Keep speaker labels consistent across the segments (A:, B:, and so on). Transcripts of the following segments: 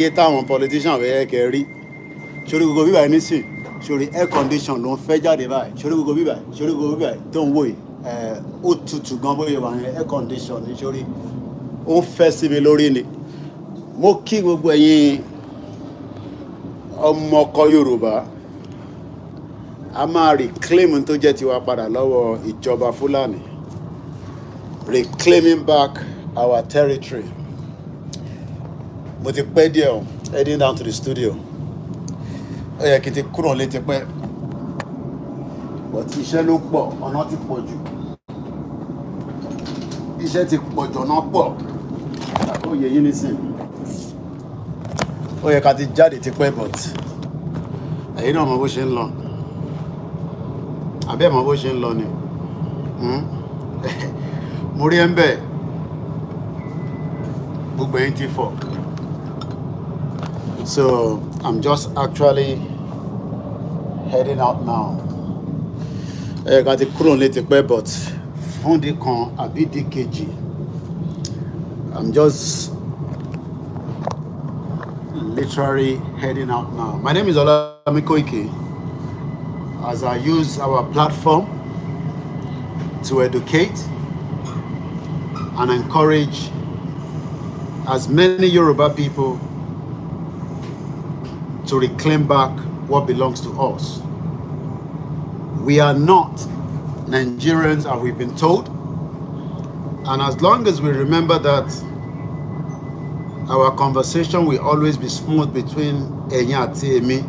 A: iye táwọn politician bẹ́ẹ̀ kẹ́ rí sórí gbogbo bíbá yìí nísìn sórí air condition ló ń fẹ́ jáde báyìí sórí gbogbo bíbá sórí gbogbo bíbá tó ń wò yìí ó tutù gan bóyá wà yẹn air condition ní sórí ó ń fẹ́ síbi lórí ni mo kí gbogbo ẹ̀yin ọmọkọ Yorùbá a máa reclaim tó jẹ́ tiwa padà lọ́wọ́ ìjọba Fúlàní reclaiming back our territory mo ti pẹ́ díẹ̀ o heading down to the studio ó yẹ kí n ti kúrò lé ti pẹ́ but iṣẹ́ ló pọ̀ ọ̀nà ti pọ̀ jù iṣẹ́ ti pọ̀ jù ọ̀nà pọ̀ ó yẹ yín nísìn ó yẹ ká ti jáde ti pẹ́ but ẹ̀yin náà mọ bó ṣe ń lọ àbí ẹ̀ mọ bó ṣe ń lọ ni hmm? mo rí ẹ ń bẹ̀ gbogbo ẹ̀yin ti fọ̀. So I'm just actually heading out now. Ẹ ká ti kúrò nílé ti pẹ́ but fún di kan àbí di I'm just literally heading out now. My name is Olami Koike. As I use our platform to educate and encourage as many Yoruba people to reclaim back what belongs to us. We are not Nigerians, as we've been told. And as long as we remember that our conversation will always be smooth between ẹ̀yin and èmi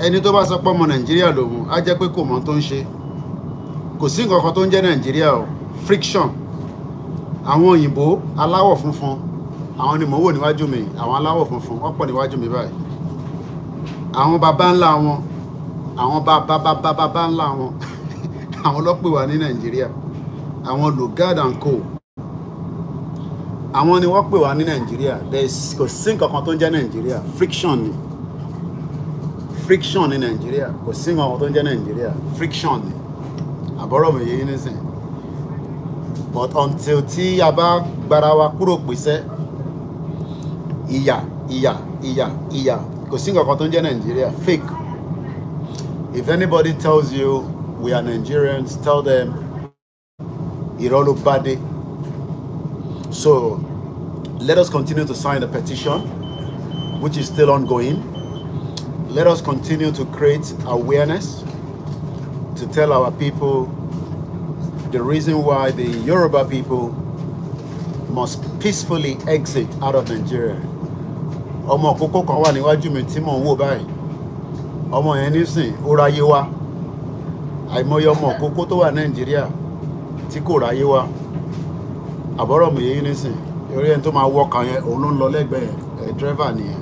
A: ẹni tó bá sọ pé ọmọ nàìjíríà lòun á jẹ́ pé kò mọ tó ń ṣe kò sí nǹkan kan tó ń jẹ́ nàìjíríà o friction àwọn òyìnbó aláwọ̀ funfun àwọn ni mò ń wò níwájú mi àwọn aláwọ̀ funfun ọ̀pọ̀ níwájú mi báyìí àwọn baba ńlá wọn àwọn baba baba baba ńlá wọn àwọn ló pè wá ní nàìjíríà àwọn lugard and co àwọn ni wọ́n pè wá ní nàìjíríà kò sí nǹkan tó ń jẹ́ nàìjíríà friction ni friction ní nàìjíríà kò sí nǹkan tó ń jẹ́ nàìjíríà friction ni àbọ̀rọ̀ mi yìí nísìnyí but until tí a bá gbára wa kúrò pèsè ìyà ìyà ìyà ìyà kò sí nǹkan fake if anybody tells you we are Nigerians tell them irọ́ ló so let us continue to sign the petition which is still ongoing let us continue to create awareness to tell our people the reason why the Yoruba people must peacefully exit out of Nigeria ọmọ kókó kan wà níwájú mi tí mò ń wò báyìí ọmọ yẹn nísìn ó ráyé wá àìmọye ọmọ kókó tó wà nàìjíríà tí kò ráyé wá àbọ̀rọ̀ mi yéé nísìn eré ẹni tó máa wọ ọkàn yẹn òun ló ń lọ lẹ́gbẹ̀ẹ́ ẹ̀ dírẹ́fà nìyẹn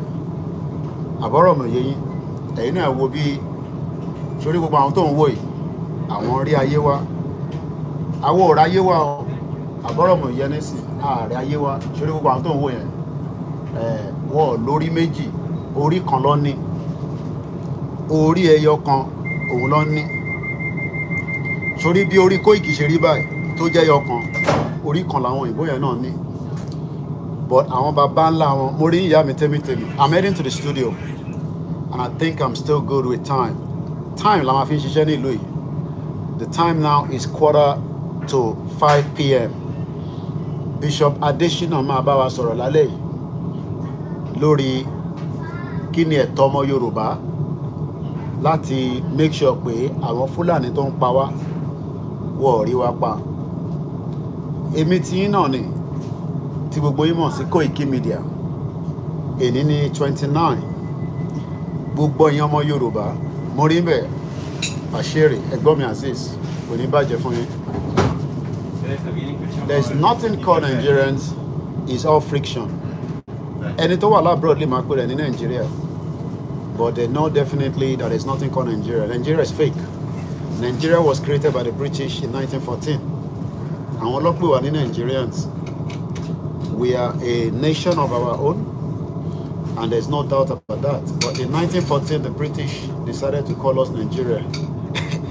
A: àbọ̀rọ̀ mi yéé ẹ̀yin náà wo bí sórí gbogbo àwọn tó ń wò yìí àwọn rí ayé wá àwọn ráyé wá o àbọ̀rọ̀ mi yẹn nísìn ààrẹ ayé wá sórí gbogbo àwọn tó ń wò yẹn Eh, wọn ò lórí méjì orí kan ló ní orí ẹyọ kan òun ló ní sórí bí orí Koiki ṣe rí báyìí tó jẹ́ ẹyọ kan orí kan làwọn òyìnbó yẹn náà ní but àwọn bàbá ńlá wọn mo rí ìyá mi tẹ́mítẹ́mí I'm heading to the studio and I think I'm still good with time time la ma fi ń ṣiṣẹ́ ní ìlú yìí the time now is quarter to five pm Bishop Adesina máa bá wa sọ̀rọ̀ lálẹ́ yìí lórí kí ni ẹ̀tọ́ ọmọ Yorùbá láti make sure pé àwọn Fúlàní tó ń pa wá wọ́n ò wa pa èmi tí yín náà ni tí gbogbo yín mọ̀ sí Koiki Media èní ní twenty nine gbogbo yín ọmọ Yorùbá mo rí bẹ́ẹ̀ àṣírí ẹ̀gbọ́n mi Azeez kò ní bàjẹ́ fún yín. There is nothing called Nigerians, it's all friction ẹni tó wà lábroad lè máa pè rẹ̀ ní nàìjíríà but they know definitely that there is nothing called nigeria nigeria is fake nigeria was created by the british in 1914 àwọn ọlọ́pẹ̀ wà ní nigerians we are a nation of our own and there is no doubt about that but in 1914 the british decided to call us nigeria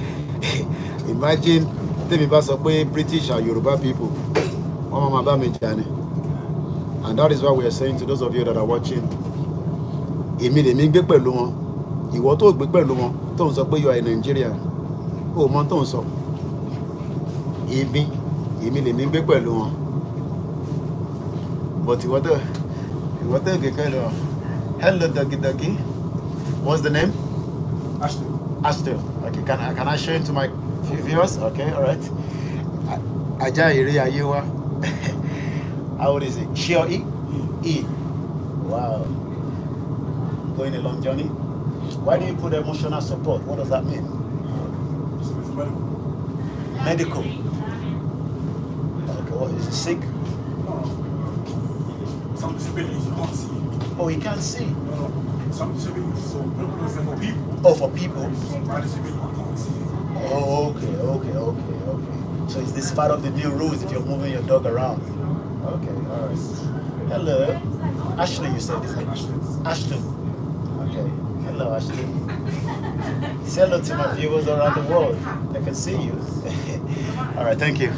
A: imagine tèmi bá sọ pé british are Yoruba people wọ́n máa bá mi jà ni and that is why we are saying to those of you that are watching èmi lèmi gbé pẹ̀lú wọn ìwọ tó gbé pẹ̀lú wọn tó ń sọ pé you are a Nigerian ó mọ tó ń sọ èmi èmi lèmi gbé pẹ̀lú wọn but ìwọ tó ìwọ tó gbé pẹ̀lú wọn hello doggy doggy what's the name. Ashton. Ashton. Okay, can I, can I show it to my viewers? Okay, all right. Ajayire wa. How old is he? She or he? He. Wow. Going a long journey. Why do you put emotional support? What does that mean? medical. Okay, what, is he sick? No. Some disabilities you can't see. Oh, he can't see? No, Some disabilities, so for people. Oh, for people? Some disabilities. can't see. Oh, okay, okay, okay, okay. So is this part of the new rules if you're moving your dog around? Okay, all right. Hello. Ashley, you said, this. Ashley. it? Okay. Hello, Ashley. hello to my viewers around the world. I can see you. all right, thank you. you.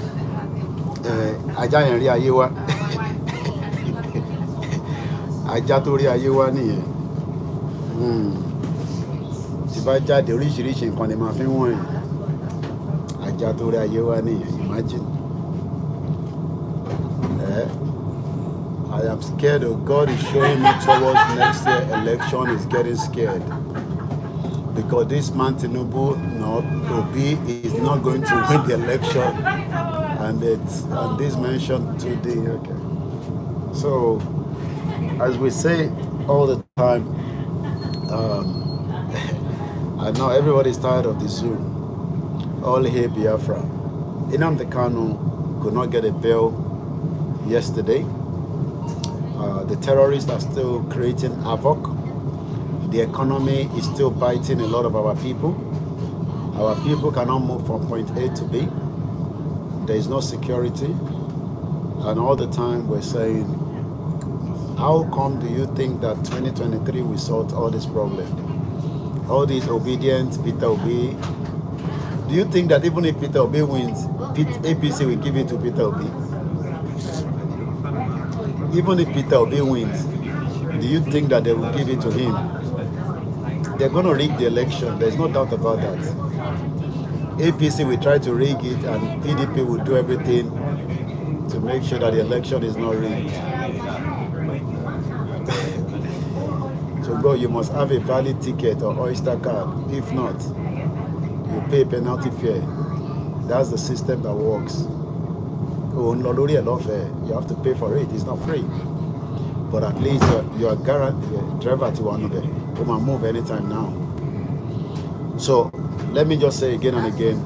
A: Eh, Are Ajá Are you one here? Ajá tó rí ayé wá nìyẹn. Hmm. Tí bá jáde oríṣiríṣi nǹkan ni màá fi wọ̀nyí. Ajá tó Are you one here? imagine. I'm scared of oh, God is showing me towards next year election is getting scared. Because this man Tinubu not Obi is not going to win the election. And it's and this mentioned today, okay. So as we say all the time, um, I know everybody's tired of the Zoom. All here Biafra. Inam Dekano could not get a bill yesterday uh, the terrorists are still creating havoc. The economy is still biting a lot of our people. Our people cannot move from point A to B. There is no security. And all the time we're saying, how come do you think that 2023 will solve all this problem? All these obedient Peter Obi. Do you think that even if Peter Obi wins, APC will give it to Peter Obi? even if Peter Obi wins, do you think that they will give it to him? They're going to rig the election. There's no doubt about that. APC will try to rig it, and PDP will do everything to make sure that the election is not rigged. so, bro, you must have a valid ticket or Oyster card. If not, you pay penalty fare. That's the system that works. òun lọ lórí ẹ̀ lọ́fẹ̀ẹ́ you have to pay for it it's not free but at least uh, your guarantee uh, driver ti wà níbẹ̀ ó máa move anytime now so let me just say again and again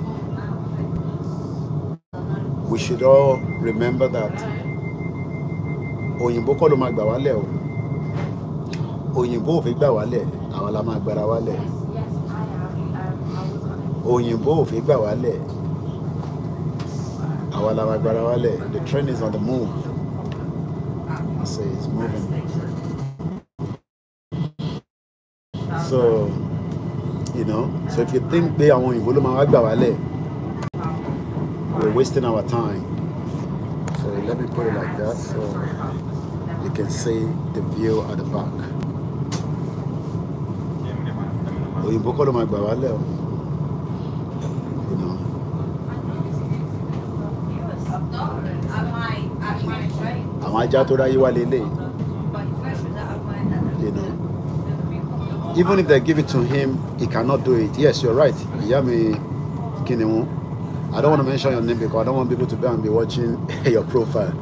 A: we should all remember that Oyinbo kọ́ ló máa gbà wálẹ̀ o òyìnbó ò fi gbà wálẹ̀ la máa gbára wálẹ̀ òyìnbó ò fi gbà Awala my brother Wale, the train is on the move. I say it's moving. So, you know, so if you think they are on Wale, we're wasting our time. So let me put it like that so you can see the view at the back. Oyinbo kọ́ ló máa gbà wálẹ̀ o. ajá tó ráyé wá lélẹ̀ you know even if they give it to him he cannot do it yes you're right ìyá mi kìnìún I don't want to mention your name because I don't want people to be and be watching your profile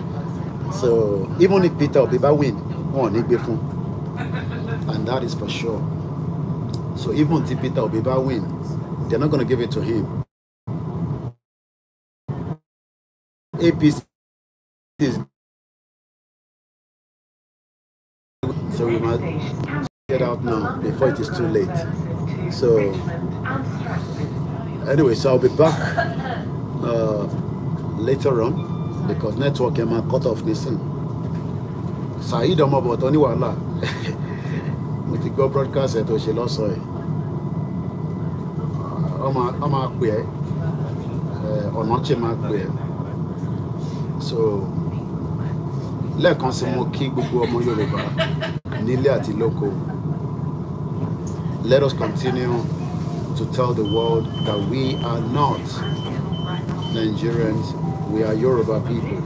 A: so even if Peter Obi win wọn ò ní gbé fún and that is for sure so even if Peter Obi win they're not going to give it to him APC is So we must get out now before it is too late. So anyway, so I'll be back uh, later on because network am I cut off nisin. Saheed ọmọbọ̀tọ́ ní wàhálà. Mo ti gbọ́ broadcast ẹ̀ tó ṣe lọ́sọ̀ọ́ ẹ̀. Uh, ọmọ àpè ẹ̀ ọ̀nà ṣe máa pè ẹ̀. Uh, so lẹ́ẹ̀kan sí mo kí gbogbo ọmọ Yorùbá nílé àti lóko let us continue to tell the world that we are not Nigerians we are Yoruba people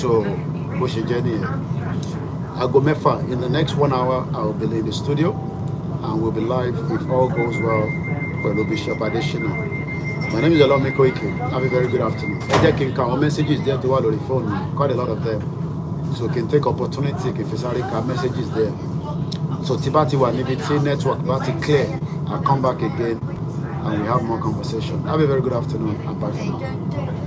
A: so bó ṣe jẹ́ nìyẹn aago mẹ́fà in the next one hour I will be in the studio and we will be live if all goes well pẹ̀lú Bishop Adesina. My name is Olami Koike. Have a very good afternoon. Ẹ jẹ́ kí n ka àwọn messages díẹ̀ tó wà lórí quite a lot of them. So kí n take opportunity if n fi sáré ka messages díẹ̀. So tí bá ti wà níbi tí network bá ti clear, I come back again and we have more conversation. Have a very good afternoon and bye for now.